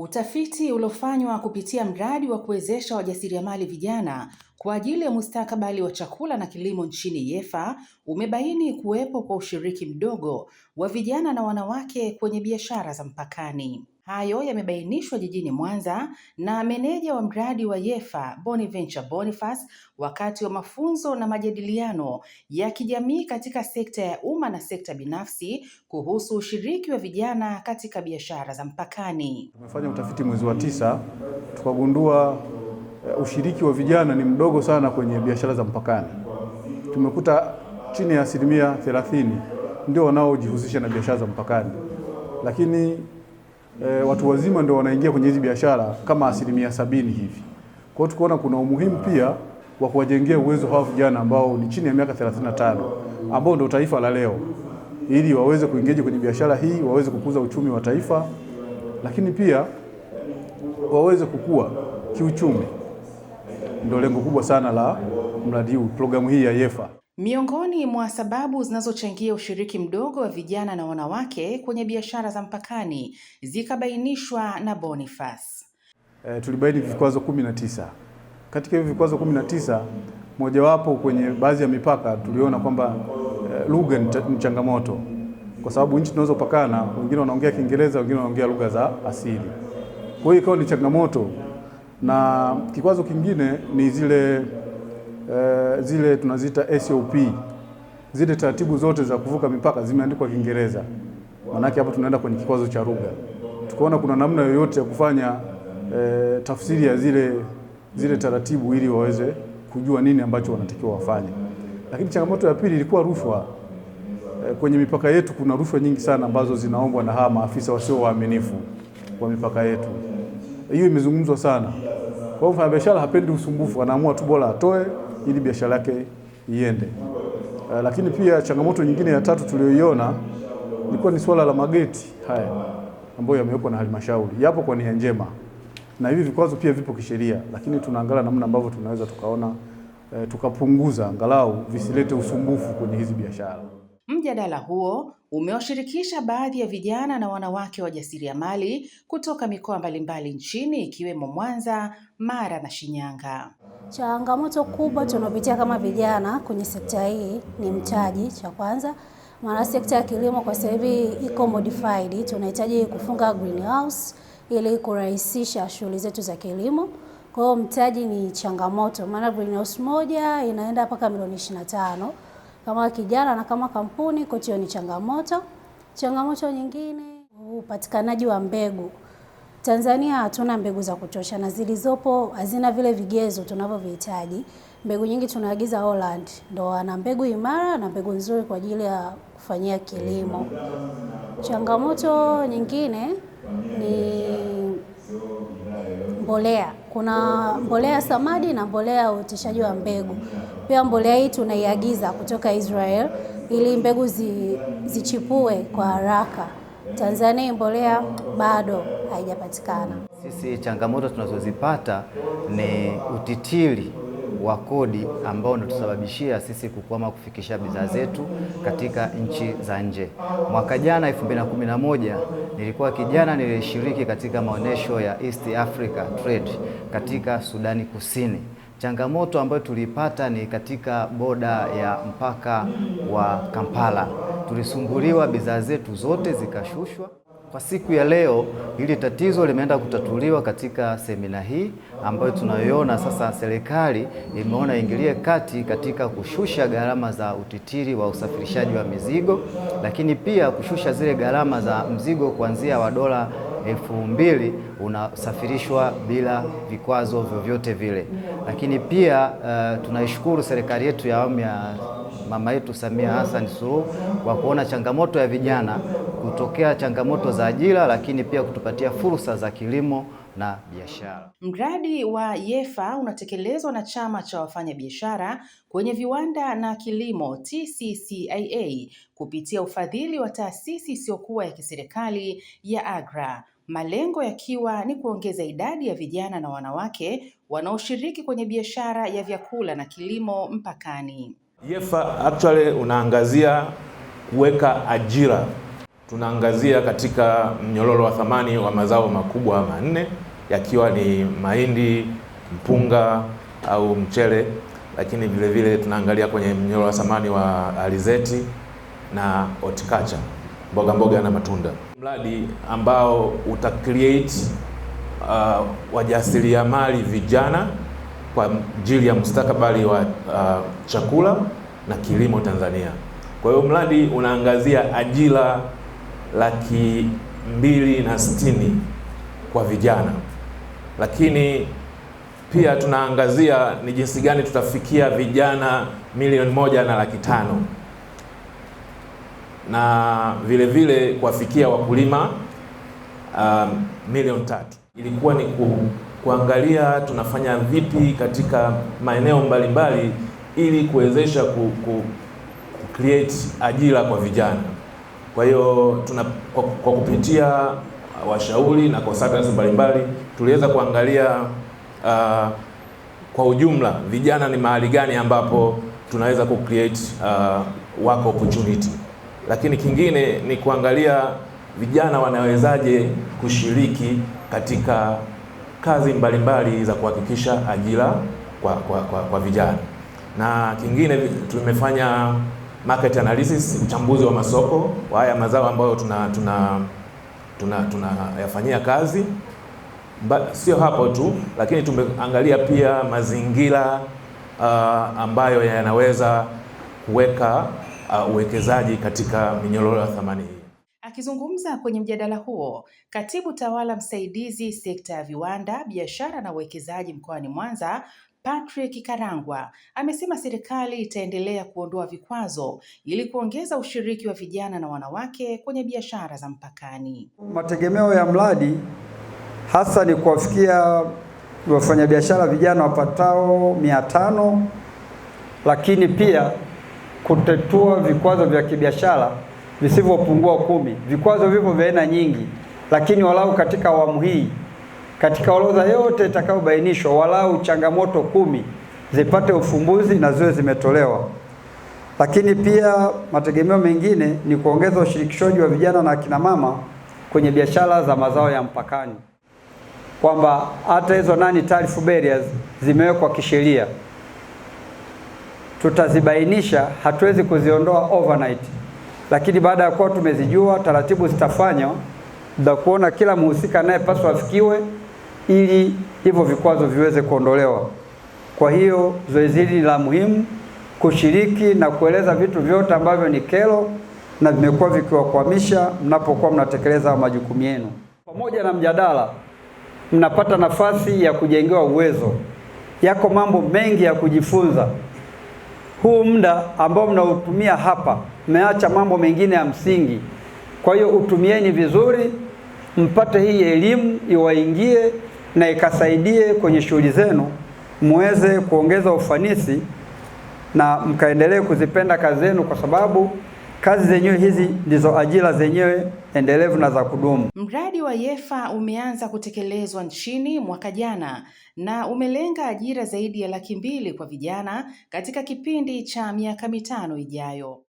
Utafiti uliofanywa kupitia mradi wa kuwezesha wajasiriamali vijana kwa ajili ya mustakabali wa chakula na kilimo nchini YEFFA umebaini kuwepo kwa ushiriki mdogo wa vijana na wanawake kwenye biashara za mpakani. Hayo yamebainishwa jijini Mwanza na meneja wa mradi wa YEFFA Bonaventure Boniface wakati wa mafunzo na majadiliano ya kijamii katika sekta ya umma na sekta binafsi kuhusu ushiriki wa vijana katika biashara za mpakani. Tumefanya utafiti mwezi wa tisa, tukagundua eh, ushiriki wa vijana ni mdogo sana kwenye biashara za mpakani. Tumekuta chini ya asilimia 30 ndio wanaojihusisha na biashara za mpakani, lakini e, watu wazima ndio wanaingia kwenye hizi biashara kama asilimia sabini hivi. Kwa hiyo tukaona kuna umuhimu pia wa kuwajengea uwezo hawa vijana ambao ni chini ya miaka 35 ambao ndio taifa la leo, ili waweze kuingia kwenye biashara hii, waweze kukuza uchumi wa taifa, lakini pia waweze kukua kiuchumi. Ndio lengo kubwa sana la mradi huu, programu hii ya YEFFA. Miongoni mwa sababu zinazochangia ushiriki mdogo wa vijana na wanawake kwenye biashara za mpakani zikabainishwa na Boniface. E, tulibaini vikwazo 19. Katika hivyo vikwazo 19, mojawapo kwenye baadhi ya mipaka tuliona kwamba e, lugha ni changamoto kwa sababu nchi tunazopakana wengine wanaongea Kiingereza, wengine wanaongea lugha za asili. Kwa hiyo ikawa ni changamoto, na kikwazo kingine ni zile eh, zile tunaziita SOP, zile taratibu zote za kuvuka mipaka zimeandikwa Kiingereza. Maanake hapo tunaenda kwenye kikwazo cha lugha. Tukaona kuna namna yoyote ya kufanya eh, tafsiri ya zile, zile taratibu ili waweze kujua nini ambacho wanatakiwa wafanye. Lakini changamoto ya pili ilikuwa rushwa. eh, kwenye mipaka yetu kuna rushwa nyingi sana ambazo zinaombwa na hawa maafisa wasio waaminifu kwa mipaka yetu. Hiyo imezungumzwa sana. Kwa hiyo mfanyabiashara hapendi usumbufu, anaamua tu bora atoe ili biashara yake iende. Uh, lakini pia changamoto nyingine ya tatu tuliyoiona ilikuwa ni swala la mageti haya ambayo yamewekwa na halmashauri, yapo kwa nia njema, na hivi vikwazo pia vipo kisheria, lakini tunaangalia namna ambavyo tunaweza tukaona uh, tukapunguza angalau visilete usumbufu kwenye hizi biashara. Mjadala huo umewashirikisha baadhi ya vijana na wanawake wajasiriamali kutoka mikoa mbalimbali nchini ikiwemo Mwanza, Mara na Shinyanga. Changamoto kubwa tunaopitia kama vijana kwenye sekta hii ni mtaji, cha kwanza maana sekta ya kilimo kwa sasa hivi iko modified, tunahitaji kufunga greenhouse ili kurahisisha shughuli zetu za kilimo. Kwa hiyo mtaji ni changamoto, maana greenhouse moja inaenda mpaka milioni 25 kama kijana na kama kampuni kote. ni changamoto. Changamoto nyingine, upatikanaji wa mbegu. Tanzania hatuna mbegu za kutosha na zilizopo hazina vile vigezo tunavyovihitaji. Mbegu nyingi tunaagiza Holland, ndo wana mbegu imara na mbegu nzuri kwa ajili ya kufanyia kilimo. Changamoto nyingine ni mbolea. Kuna mbolea samadi na mbolea ya uoteshaji wa mbegu. Pia mbolea hii tunaiagiza kutoka Israel ili mbegu zi, zichipue kwa haraka. Tanzania mbolea bado haijapatikana. Sisi changamoto tunazozipata ni utitili wa kodi ambao unatusababishia sisi kukwama kufikisha bidhaa zetu katika nchi za nje. Mwaka jana 2011 nilikuwa kijana nilishiriki katika maonyesho ya East Africa Trade katika Sudani Kusini. Changamoto ambayo tulipata ni katika boda ya mpaka wa Kampala. Tulisumbuliwa, bidhaa zetu zote zikashushwa. Kwa siku ya leo hili tatizo limeenda kutatuliwa katika semina hii ambayo tunayoona sasa. Serikali imeona ingilie kati katika kushusha gharama za utitiri wa usafirishaji wa mizigo, lakini pia kushusha zile gharama za mzigo kuanzia wa dola elfu mbili unasafirishwa bila vikwazo vyovyote vile, lakini pia uh, tunaishukuru serikali yetu ya awamu ya mama yetu Samia Hassan Suluhu kwa kuona changamoto ya vijana kutokea changamoto za ajira, lakini pia kutupatia fursa za kilimo na biashara. Mradi wa YEFFA unatekelezwa na Chama cha Wafanyabiashara kwenye Viwanda na Kilimo TCCIA kupitia ufadhili wa taasisi isiyokuwa ya kiserikali ya AGRA, malengo yakiwa ni kuongeza idadi ya vijana na wanawake wanaoshiriki kwenye biashara ya vyakula na kilimo mpakani. YEFFA actually unaangazia kuweka ajira, tunaangazia katika mnyororo wa thamani wa mazao makubwa manne yakiwa ni mahindi, mpunga au mchele, lakini vile vile tunaangalia kwenye mnyororo wa thamani wa alizeti na horticulture, mboga mboga na matunda, mradi ambao uta create uh, wajasiriamali vijana kwa ajili ya mustakabali wa uh, chakula na kilimo Tanzania. Kwa hiyo mradi unaangazia ajira laki mbili na sitini kwa vijana, lakini pia tunaangazia ni jinsi gani tutafikia vijana milioni moja na laki tano na vile vile kuwafikia wakulima um, milioni tatu. Ilikuwa ni ku kuangalia tunafanya vipi katika maeneo mbalimbali ili kuwezesha ku, ku create ajira kwa vijana. Kwa hiyo tuna kwa, kwa kupitia washauri na consultants mbalimbali tuliweza kuangalia uh, kwa ujumla vijana ni mahali gani ambapo tunaweza ku create uh, work opportunity, lakini kingine ni kuangalia vijana wanawezaje kushiriki katika kazi mbalimbali mbali za kuhakikisha ajira kwa, kwa, kwa, kwa vijana. Na kingine tumefanya market analysis, uchambuzi wa masoko wa haya mazao ambayo tunayafanyia tuna, tuna, tuna kazi Mba, sio hapo tu lakini tumeangalia pia mazingira uh, ambayo yanaweza kuweka uh, uwekezaji katika minyororo ya thamani hii. Akizungumza kwenye mjadala huo, katibu tawala msaidizi sekta ya viwanda, biashara na uwekezaji mkoani Mwanza Patrick Karangwa amesema serikali itaendelea kuondoa vikwazo ili kuongeza ushiriki wa vijana na wanawake kwenye biashara za mpakani. Mategemeo ya mradi hasa ni kuwafikia wafanyabiashara vijana wapatao mia tano, lakini pia kutetua vikwazo vya kibiashara visivyopungua kumi. Vikwazo vipo vya aina nyingi, lakini walau katika awamu hii, katika orodha yote itakayobainishwa, walau changamoto kumi zipate ufumbuzi na ziwe zimetolewa. Lakini pia mategemeo mengine ni kuongeza ushirikishaji wa vijana na akina mama kwenye biashara za mazao ya mpakani, kwamba hata hizo nani tarifu barriers zimewekwa kisheria, tutazibainisha, hatuwezi kuziondoa overnight. Lakini baada ya kuwa tumezijua, taratibu zitafanywa za kuona kila mhusika anayepaswa afikiwe ili hivyo vikwazo viweze kuondolewa. Kwa hiyo zoezi hili ni la muhimu kushiriki na kueleza vitu vyote ambavyo ni kero na vimekuwa vikiwakwamisha mnapokuwa mnatekeleza majukumu yenu. Pamoja na mjadala, mnapata nafasi ya kujengewa uwezo. Yako mambo mengi ya kujifunza huu muda ambao mnautumia hapa, mmeacha mambo mengine ya msingi. Kwa hiyo utumieni vizuri, mpate hii elimu iwaingie na ikasaidie kwenye shughuli zenu, muweze kuongeza ufanisi na mkaendelee kuzipenda kazi zenu, kwa sababu Kazi zenyewe hizi ndizo ajira zenyewe endelevu na za kudumu. Mradi wa YEFFA umeanza kutekelezwa nchini mwaka jana na umelenga ajira zaidi ya laki mbili kwa vijana katika kipindi cha miaka mitano ijayo.